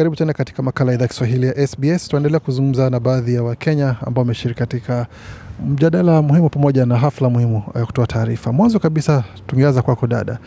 Karibu tena katika makala ya idhaa Kiswahili ya SBS. Tunaendelea kuzungumza na baadhi ya Wakenya ambao wameshiriki katika mjadala muhimu pamoja na hafla muhimu ya eh, kutoa taarifa. Mwanzo kabisa, tungeanza kwako dada,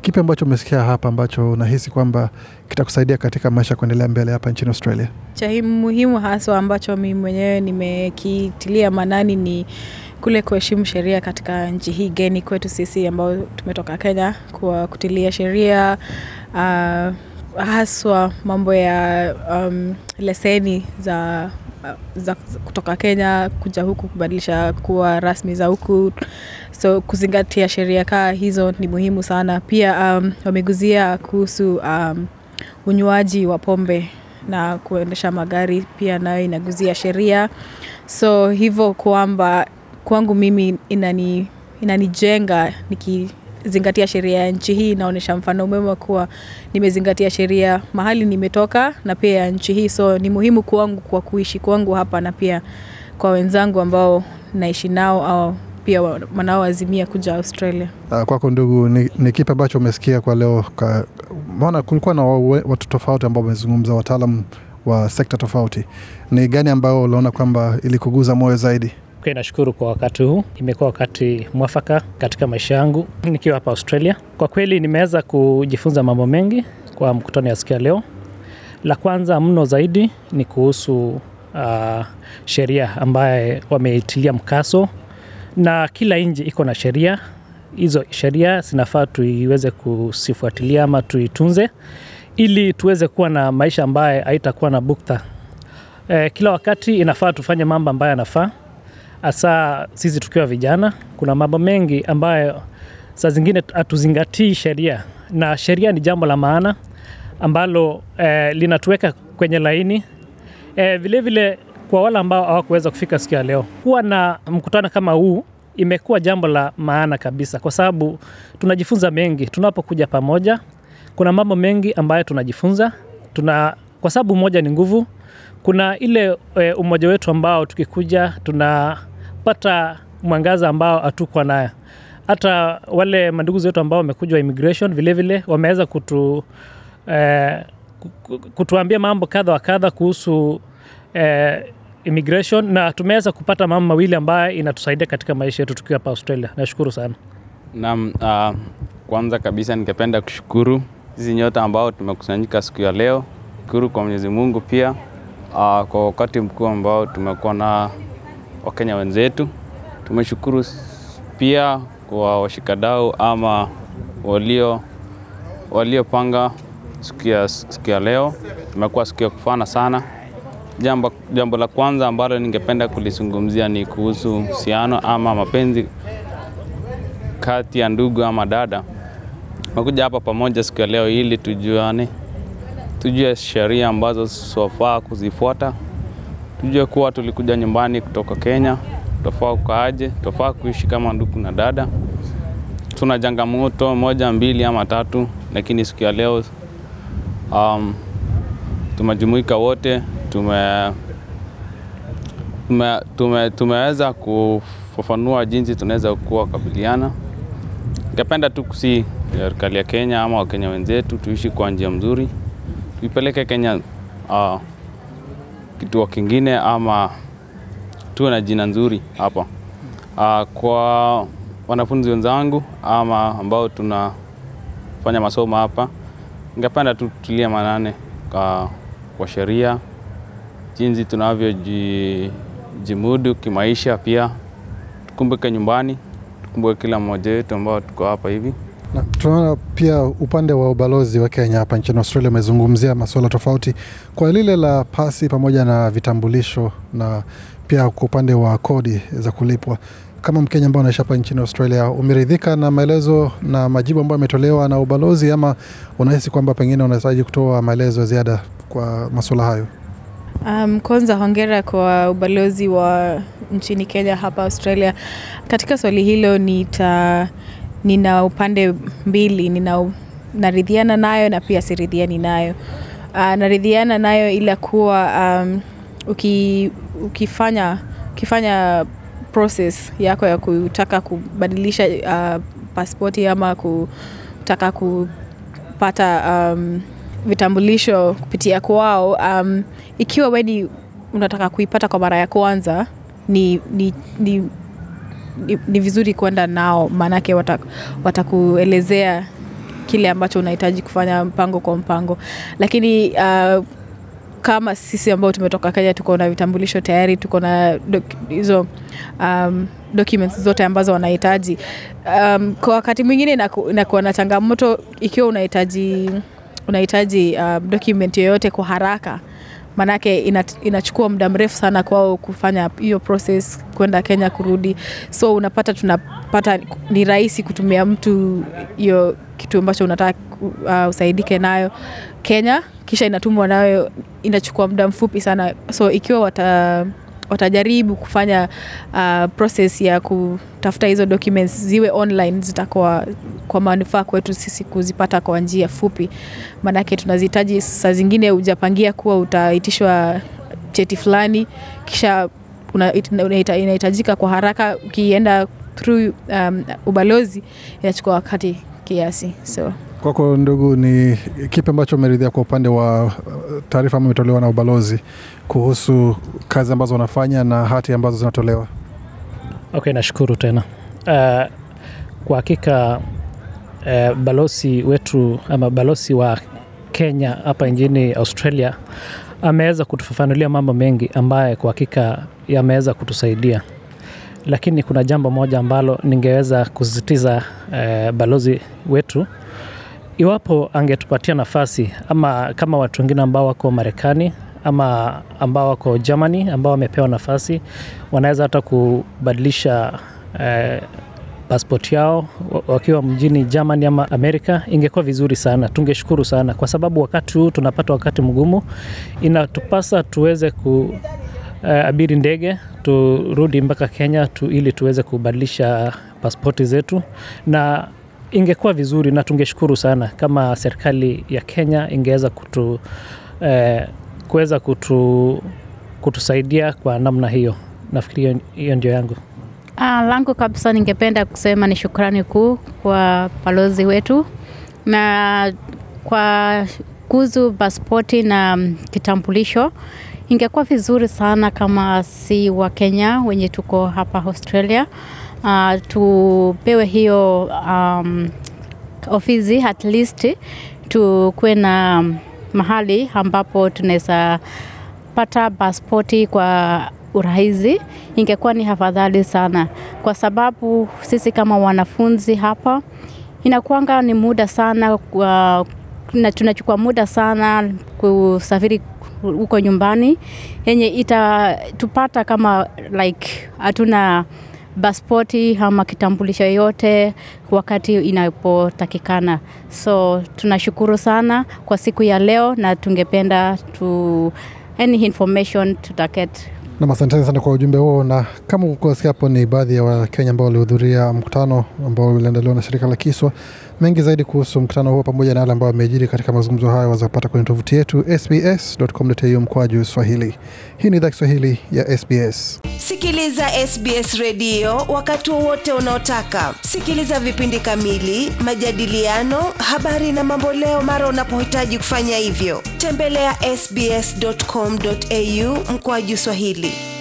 kipi ambacho umesikia hapa ambacho unahisi kwamba kitakusaidia katika maisha ya kuendelea mbele hapa nchini Australia? Cha muhimu haswa ambacho mimi mwenyewe nimekitilia manani ni kule kuheshimu sheria katika nchi hii geni kwetu sisi ambao tumetoka Kenya, kwa kutilia sheria uh, haswa mambo ya um, leseni za, za kutoka Kenya kuja huku kubadilisha kuwa rasmi za huku, so kuzingatia sheria kaa hizo ni muhimu sana. Pia um, wameguzia kuhusu um, unywaji wa pombe na kuendesha magari pia nayo inaguzia sheria, so hivyo kwamba kwangu mimi inani inanijenga niki zingatia sheria ya nchi hii, naonyesha mfano mwema kuwa nimezingatia sheria mahali nimetoka na pia ya nchi hii. So ni muhimu kwangu kwa kuishi kwangu hapa na pia kwa wenzangu ambao naishi nao au pia wanaoazimia kuja Australia. Ah, kwako ndugu, ni, ni kipi ambacho umesikia kwa leo? Maana kulikuwa na watu tofauti ambao wamezungumza, wataalam wa sekta tofauti. Ni gani ambayo unaona kwamba ilikuguza moyo zaidi? Kwa nashukuru kwa wakati huu, imekuwa wakati mwafaka katika maisha yangu nikiwa hapa Australia. Kwa kweli nimeweza kujifunza mambo mengi kwa mkutano ya siku ya leo. La kwanza mno zaidi ni kuhusu uh, sheria ambaye wameitilia mkaso, na kila nchi iko na sheria hizo. Sheria zinafaa tuiweze kusifuatilia ama tuitunze ili tuweze kuwa na maisha ambaye haitakuwa na bukta. Eh, kila wakati inafaa tufanye mambo ambayo yanafaa hasa sisi tukiwa vijana, kuna mambo mengi ambayo saa zingine hatuzingatii sheria, na sheria ni jambo la maana ambalo eh, linatuweka kwenye laini eh, vilevile kwa wale ambao hawakuweza kufika siku ya leo, kuwa na mkutano kama huu imekuwa jambo la maana kabisa, kwa sababu tunajifunza mengi tunapokuja pamoja. Kuna mambo mengi ambayo tunajifunza tuna, kwa sababu umoja ni nguvu. Kuna ile e, umoja wetu ambao tukikuja tuna tunapata mwangaza ambao hatukwa nayo. Hata wale mandugu zetu ambao wamekuja immigration vilevile wameweza kutu, eh, kutuambia mambo kadha wa kadha kuhusu eh, immigration na tumeweza kupata mambo mawili ambayo inatusaidia katika maisha yetu tukiwa hapa Australia. Nashukuru sana. Naam, uh, kwanza kabisa ningependa kushukuru hizi nyota ambao tumekusanyika siku ya leo. Shukuru kwa Mwenyezi Mungu pia uh, kwa wakati mkuu ambao tumekuwa na Wakenya wenzetu. Tumeshukuru pia kwa washikadau ama walio waliopanga siku ya siku ya leo. Tumekuwa siku ya kufana sana. Jambo, jambo la kwanza ambalo ningependa kulizungumzia ni kuhusu uhusiano ama mapenzi kati ya ndugu ama dada. Tumekuja hapa pamoja siku ya leo ili tujuane, tujue sheria ambazo swafaa kuzifuata tujue kuwa tulikuja nyumbani kutoka Kenya, tofaa kukaaje, tofaa kuishi kama ndugu na dada. Tuna changamoto moja mbili ama tatu, lakini siku ya leo um, tumejumuika wote tume, tume, tume, tumeweza kufafanua jinsi tunaweza kuwa kabiliana. Ningependa tu kusi serikali ya Kenya ama Wakenya wenzetu tuishi kwa njia mzuri, tuipeleke Kenya uh, kituo kingine ama tuwe na jina nzuri hapa ah, kwa wanafunzi wenzangu ama ambao tunafanya masomo hapa. Ningependa tu tulie manane kwa, kwa sheria jinsi tunavyojimudu kimaisha, pia tukumbuke nyumbani, tukumbuke kila mmoja wetu ambao tuko hapa hivi. Na tunaona pia upande wa ubalozi wa Kenya hapa nchini Australia umezungumzia masuala tofauti kwa lile la pasi pamoja na vitambulisho na pia kwa upande wa kodi za kulipwa. Kama Mkenya ambaye unaishi hapa nchini Australia, umeridhika na maelezo na majibu ambayo ametolewa na ubalozi, ama unahisi kwamba pengine unahitaji kutoa maelezo ya ziada kwa masuala hayo? Um, kwanza hongera kwa ubalozi wa nchini Kenya hapa Australia. Katika swali hilo nita nina upande mbili, nina naridhiana nayo na pia siridhiani nayo. Uh, naridhiana nayo ila kuwa um, uki, ukifanya, ukifanya process yako ya kutaka kubadilisha uh, ah, paspoti ama kutaka kupata um, vitambulisho kupitia kwao um, ikiwa weni unataka kuipata kwa mara ya kwanza ni, ni, ni ni vizuri kwenda nao, maanake watakuelezea wata kile ambacho unahitaji kufanya mpango kwa mpango, lakini uh, kama sisi ambao tumetoka Kenya tuko na vitambulisho tayari, tuko na hizo um, documents zote ambazo wanahitaji. Um, kwa wakati mwingine inakuwa na changamoto ikiwa unahitaji unahitaji uh, document yoyote kwa haraka maanake inachukua muda mrefu sana kwao kufanya hiyo process kwenda Kenya kurudi, so unapata tunapata ni rahisi kutumia mtu hiyo kitu ambacho unataka uh, usaidike nayo Kenya, kisha inatumwa nayo, inachukua muda mfupi sana, so ikiwa wata watajaribu kufanya uh, process ya kutafuta hizo documents ziwe online, zitakuwa kwa manufaa kwetu sisi kuzipata kwa njia fupi, maanake tunazihitaji saa zingine. Hujapangia kuwa utaitishwa cheti fulani, kisha inahitajika kwa haraka. Ukienda through um, ubalozi inachukua wakati kiasi so Kwako ndugu, ni kipi ambacho umeridhia kwa upande wa uh, taarifa ambayo imetolewa na ubalozi kuhusu kazi ambazo wanafanya na hati ambazo zinatolewa? Okay, nashukuru tena. Uh, kwa hakika uh, balozi wetu ama balozi wa Kenya hapa nchini Australia ameweza kutufafanulia mambo mengi ambaye kwa hakika yameweza kutusaidia, lakini kuna jambo moja ambalo ningeweza kusisitiza uh, balozi wetu Iwapo angetupatia nafasi ama kama watu wengine ambao wako Marekani ama ambao wako Germany ambao wamepewa nafasi, wanaweza hata kubadilisha eh, passport yao wakiwa mjini Germany ama Amerika, ingekuwa vizuri sana, tungeshukuru sana, kwa sababu wakati huu tunapata wakati mgumu, inatupasa tuweze ku Uh, abiri ndege turudi mpaka Kenya tu, ili tuweze kubadilisha pasipoti zetu, na ingekuwa vizuri na tungeshukuru sana kama serikali ya Kenya ingeweza kutu, eh, kuweza kutu, kutusaidia kwa namna hiyo. Nafikiri hiyo ndio yangu. Ah, langu kabisa ningependa kusema ni shukrani kuu kwa balozi wetu na kwa kuzu paspoti na kitambulisho. Ingekuwa vizuri sana kama si Wakenya wenye tuko hapa Australia uh, tupewe hiyo um, ofisi at least tukuwe na mahali ambapo tunaweza pata paspoti kwa urahisi, ingekuwa ni hafadhali sana, kwa sababu sisi kama wanafunzi hapa inakuanga ni muda sana kwa, na tunachukua muda sana kusafiri huko nyumbani yenye itatupata kama like hatuna paspoti ama kitambulisho yote wakati inapotakikana. So tunashukuru sana kwa siku ya leo na tungependa tu any information tutaket na asanteni sana kwa ujumbe huo. Na kama kusikia hapo, ni baadhi ya Wakenya ambao walihudhuria mkutano ambao uliandaliwa na shirika la Kiswa Mengi zaidi kuhusu mkutano huo pamoja na yale ambayo amejiri katika mazungumzo hayo waweza kupata kwenye tovuti yetu sbs.com.au mkwaju Swahili. Hii ni idhaa Kiswahili ya SBS. Sikiliza SBS redio wakati wowote unaotaka. Sikiliza vipindi kamili, majadiliano, habari na mamboleo mara unapohitaji kufanya hivyo. Tembelea ya sbs.com.au mkwaju Swahili.